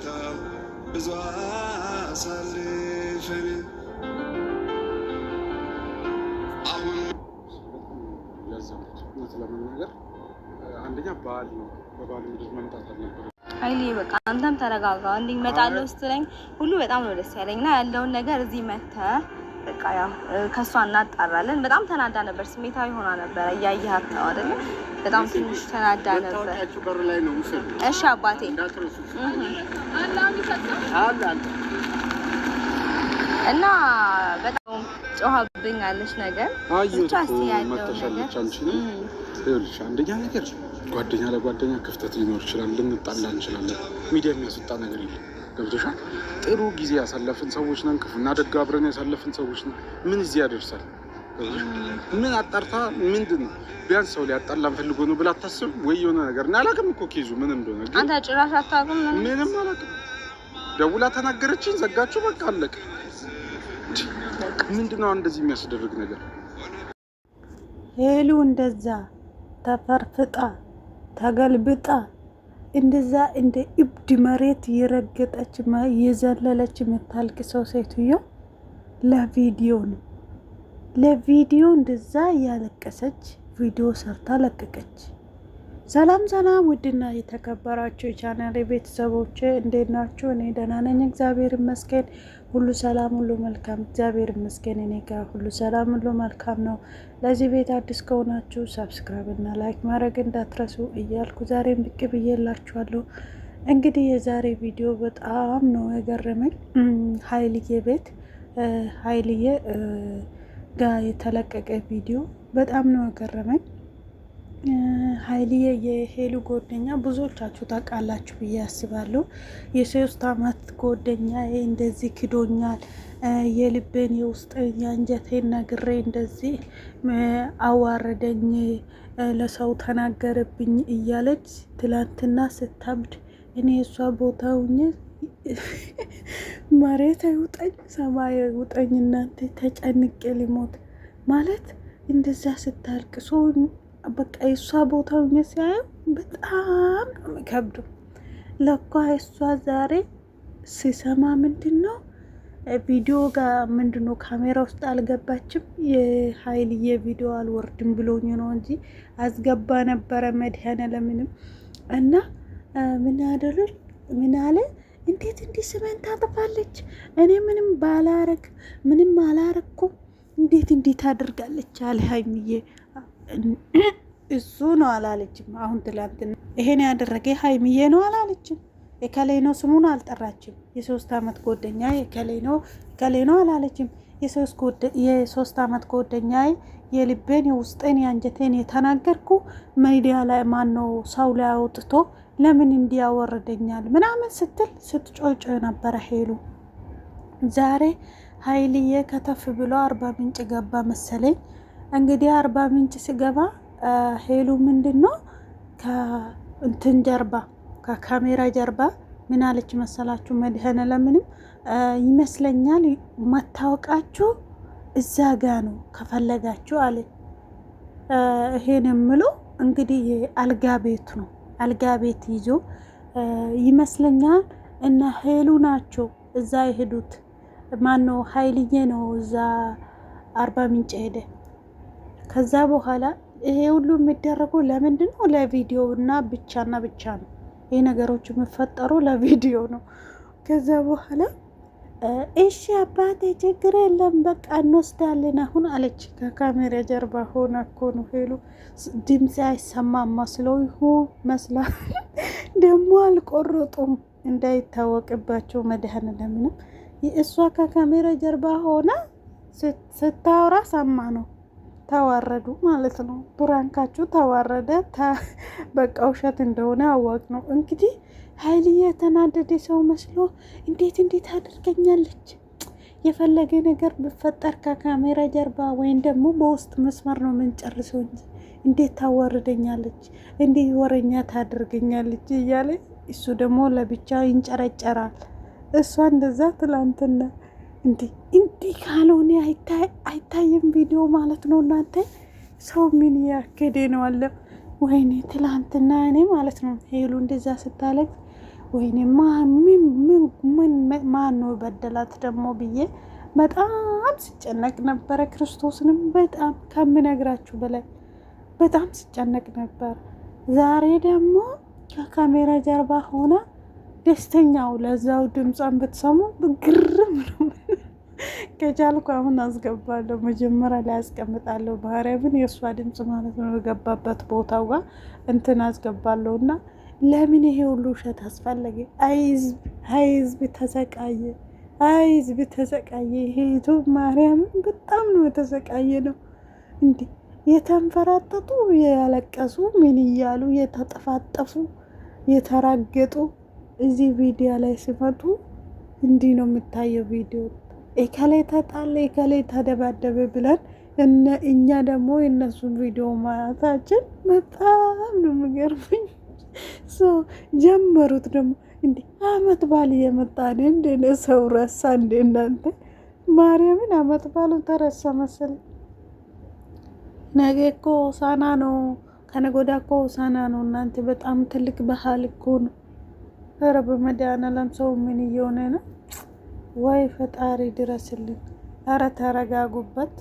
ውለታው ብዙ አሳልፈን አሁን ለመናገር ሀይሌ በቃ አንተም ተረጋጋ እንዲመጣለው ስትለኝ ሁሉ በጣም ነው ደስ ያለኝ እና ያለውን ነገር እዚህ መተ በቃ ያው ከእሷ እናጣራለን። በጣም ተናዳ ነበር፣ ስሜታዊ ሆና ነበረ። እያየሃት ነው አይደለ? በጣም ትንሽ ተናዳ ነበር። እሺ አባቴ እና በጣም ጮኸብኛለች ነገር ብቻ ይኸውልሽ አንደኛ ነገር ጓደኛ ለጓደኛ ክፍተት ሊኖር ይችላል፣ ልንጣላ እንችላለን። ሚዲያ የሚያስወጣ ነገር የለም። ገብቶሻል። ጥሩ ጊዜ ያሳለፍን ሰዎች ነን፣ ክፉና ደግ አብረን ያሳለፍን ሰዎች ነን። ምን እዚህ ያደርሳል? ምን አጣርታ ምንድን ነው ቢያንስ ሰው ሊያጣላን ፈልጎ ነው ብላ አታስብ ወይ የሆነ ነገር እና አላውቅም እኮ ኬዙ ምን እንደሆነ ግን አንተ ጭራሽ አታውቅም። ምንም አላውቅም። ደውላ ተናገረችኝ፣ ዘጋችሁ፣ በቃ አለቀ። ምንድን ነው እንደዚህ የሚያስደርግ ነገር? ሄሉ እንደዛ ተፈርፍጣ ተገልብጣ እንደዛ እንደ እብድ መሬት የረገጠች የዘለለች የምታልቅሰው ሴትዮ ለቪዲዮ ነው። ለቪዲዮ እንደዛ እያለቀሰች ቪዲዮ ሰርታ ለቀቀች። ሰላም ሰላም፣ ውድና የተከበራችሁ የቻናል ቤተሰቦች እንዴት ናችሁ? እኔ ደህና ነኝ፣ እግዚአብሔር ይመስገን። ሁሉ ሰላም፣ ሁሉ መልካም፣ እግዚአብሔር ይመስገን። እኔ ጋር ሁሉ ሰላም፣ ሁሉ መልካም ነው። ለዚህ ቤት አዲስ ከሆናችሁ ሰብስክራይብ እና ላይክ ማድረግ እንዳትረሱ እያልኩ ዛሬም ብቅ ብዬላችኋለሁ። እንግዲህ የዛሬ ቪዲዮ በጣም ነው የገረመኝ። ሀይልዬ ቤት ሀይልዬ ጋር የተለቀቀ ቪዲዮ በጣም ነው የገረመኝ። ሀይልዬ የሄሉ ጎደኛ ብዙዎቻችሁ ታውቃላችሁ ብዬ አስባለሁ። የሶስት አመት ጎደኛ እንደዚህ ክዶኛል፣ የልቤን የውስጥን የአንጀቴን ነግሬ እንደዚህ አዋረደኝ፣ ለሰው ተናገረብኝ እያለች ትላንትና ስታብድ እኔ የእሷ ቦታ ሁኜ መሬት አይውጠኝ ሰማይ አይውጠኝ እናንተ ተጨንቄ ሊሞት ማለት እንደዚያ ስታልቅ ሰው በቃ የእሷ ቦታ ሆኜ ሲያየው በጣም ነው የሚከብዱ። ለኳ እሷ ዛሬ ሲሰማ ምንድን ነው ቪዲዮ ጋር ምንድን ነው ካሜራ ውስጥ አልገባችም። የሀይልዬ ቪዲዮ አልወርድም ብሎኝ ነው እንጂ አስገባ ነበረ መድሀነ ለምንም እና ምን አደረች ምን አለ እንዴት እንዲህ ስሜን ታጥፋለች? እኔ ምንም ባላረግ ምንም አላረግኩ እንዴት እንዲህ ታደርጋለች አለ ሀይሚዬ እሱ ነው አላለችም። አሁን ትላንትና ይሄን ያደረገ ሀይሚዬ ነው አላለችም። የከሌ ነው ስሙን አልጠራችም። የሶስት አመት ጎደኛ የከሌ ነው ከሌ ነው አላለችም። የሶስት አመት ጎደኛ የልቤን የውስጤን የአንጀቴን የተናገርኩ ሚዲያ ላይ ማነው ሰው ላይ አውጥቶ ለምን እንዲያወርደኛል ምናምን ስትል ስትጮጮ ነበረ ሄሉ ዛሬ ሀይልዬ ከተፍ ብሎ አርባ ምንጭ ገባ መሰለኝ። እንግዲህ አርባ ምንጭ ስገባ ሄሉ ምንድን ነው ከእንትን ጀርባ ከካሜራ ጀርባ ምን አለች መሰላችሁ? መድህነ ለምንም ይመስለኛል መታወቃችሁ እዛ ጋ ነው ከፈለጋችሁ አለ። ይሄን የምለው እንግዲህ አልጋ ቤቱ ነው። አልጋ ቤት ይዞ ይመስለኛል እና ሄሉ ናቸው እዛ የሄዱት። ማነው ሀይልዬ ነው እዛ አርባ ምንጭ ሄደ። ከዛ በኋላ ይሄ ሁሉ የሚደረገው ለምንድን ነው? ለቪዲዮ እና ብቻ ብቻና ብቻ ነው። ይህ ነገሮች የሚፈጠሩ ለቪዲዮ ነው። ከዛ በኋላ እሺ አባቴ ችግር የለም በቃ እንወስዳለን አሁን አለች። ከካሜራ ጀርባ ሆነ እኮ ነው ሄሉ ድምፅ አይሰማም መስለው ይሁን መስላ ደግሞ አልቆረጡም እንዳይታወቅባቸው መድህን ለምንም እሷ ከካሜራ ጀርባ ሆነ ስታወራ ሰማ ነው ተዋረዱ ማለት ነው። ቡራንካችሁ ተዋረደ። በቃ ውሸት እንደሆነ አዋቅ ነው እንግዲህ። ሀይል የተናደደ ሰው መስሎ እንዴት እንዴት አድርገኛለች። የፈለገ ነገር ብፈጠር ከካሜራ ጀርባ ወይም ደግሞ በውስጥ መስመር ነው የምንጨርሰው እንጂ እንዴት ታዋርደኛለች፣ እንዴት ወረኛ ታደርገኛለች እያለ እሱ ደግሞ ለብቻ ይንጨረጨራል። እሷ እንደዛ ትላንትና እንዴ እንዲህ ካልሆነ አይታይም ቪዲዮ ማለት ነው። እናንተ ሰው ምን ያከደ ነው አለ። ወይኔ ትላንትና እኔ ማለት ነው ሄሉ እንደዛ ስታለች፣ ወይኔ ማን ነው በደላት ደግሞ ብዬ በጣም ስጨነቅ ነበረ። ክርስቶስንም በጣም ከምነግራችሁ በላይ በጣም ስጨነቅ ነበር። ዛሬ ደግሞ ከካሜራ ጀርባ ሆና ደስተኛው ለዛው ድምጿን ብትሰሙ ግርም ነው። ከቻልኩ አሁን አስገባለሁ። መጀመሪያ ላይ አስቀምጣለሁ። ማርያምን የእሷ ድምፅ ማለት ነው የገባበት ቦታው ጋር እንትን አስገባለሁ እና ለምን ይሄ ሁሉ ውሸት አስፈለገ? አይዝብ ህዝብ ተሰቃየ፣ ህዝብ ተሰቃየ። ይሄቱ ማርያምን በጣም ነው የተሰቃየ ነው እንዲ የተንፈራጠጡ ያለቀሱ ምን እያሉ የተጠፋጠፉ የተራገጡ እዚህ ቪዲዮ ላይ ሲመጡ እንዲህ ነው የምታየው ቪዲዮ እከሌ ተጣለ እከሌ ተደባደበ ብለን እነ እኛ ደግሞ የእነሱን ቪዲዮ ማያታችን በጣም ነው የሚገርመኝ። ጀመሩት ደግሞ እንዲ አመት ባል እየመጣን እንደነ ሰው ረሳ እንደ እናንተ ማርያምን አመት ባሉን ተረሳ መሰል። ነገ እኮ ሳና ነው፣ ከነጎዳ ወዲያ እኮ ሳና ነው። እናንተ በጣም ትልቅ ባህል እኮ ነው። ኧረ በመድኃኒዓለም ሰው ምን እየሆነ ነው? ወይ ፈጣሪ ድረስልን። እረ ተረጋጉበት።